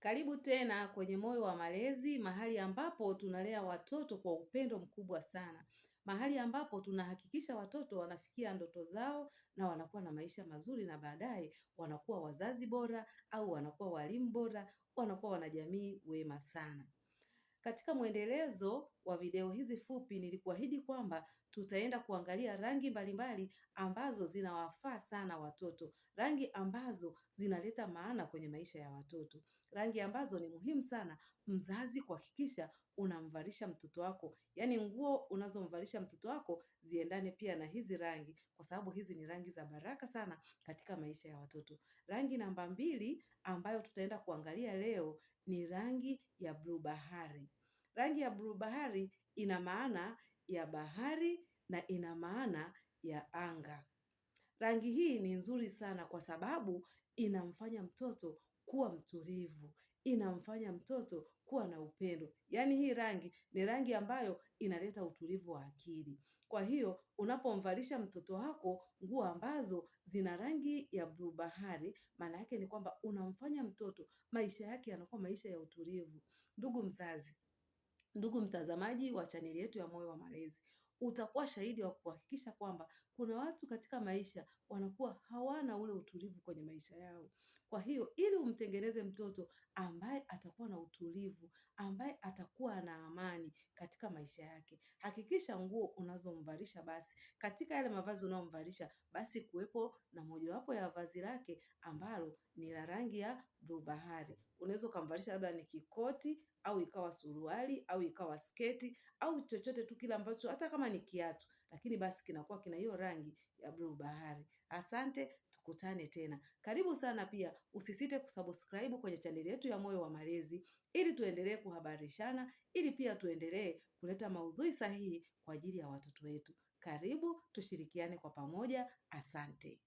Karibu tena kwenye Moyo wa Malezi, mahali ambapo tunalea watoto kwa upendo mkubwa sana, mahali ambapo tunahakikisha watoto wanafikia ndoto zao na wanakuwa na maisha mazuri, na baadaye wanakuwa wazazi bora au wanakuwa walimu bora, wanakuwa wanajamii wema sana. Katika mwendelezo wa video hizi fupi, nilikuahidi kwamba tutaenda kuangalia rangi mbalimbali ambazo zinawafaa sana watoto, rangi ambazo zinaleta maana kwenye maisha ya watoto, rangi ambazo ni muhimu sana mzazi kuhakikisha unamvalisha mtoto wako, yaani nguo unazomvalisha mtoto wako ziendane pia na hizi rangi, kwa sababu hizi ni rangi za baraka sana katika maisha ya watoto. Rangi namba mbili ambayo tutaenda kuangalia leo ni rangi ya bluu bahari. Rangi ya bluu bahari ina maana ya bahari na ina maana ya anga. Rangi hii ni nzuri sana kwa sababu inamfanya mtoto kuwa mtulivu, inamfanya mtoto kuwa na upendo. Yaani hii rangi ni rangi ambayo inaleta utulivu wa akili. Kwa hiyo unapomvalisha mtoto wako nguo ambazo zina rangi ya bluu bahari, maana yake ni kwamba unamfanya mtoto maisha yake yanakuwa maisha ya utulivu. Ndugu mzazi, ndugu mtazamaji wa chaneli yetu ya Moyo wa Malezi, utakuwa shahidi wa kuhakikisha kwamba kuna watu katika maisha wanakuwa hawana ule utulivu kwenye maisha yao. Kwa hiyo ili umtengeneze mtoto ambaye atakuwa na utulivu, ambaye atakuwa na amani katika maisha yake, hakikisha nguo unazomvalisha basi, katika yale mavazi unayomvalisha basi, kuwepo na mojawapo ya vazi lake ambalo ni la rangi ya bluu bahari. Unaweza ukamvalisha labda ni kikoti au ikawa suruali au ikawa sketi au chochote tu kile ambacho hata kama ni kiatu, lakini basi kinakuwa kina hiyo rangi ya bluu bahari. Asante tukutane tena. Karibu sana pia, usisite kusubscribe kwenye chaneli yetu ya Moyo wa Malezi ili tuendelee kuhabarishana, ili pia tuendelee kuleta maudhui sahihi kwa ajili ya watoto wetu. Karibu tushirikiane kwa pamoja. Asante.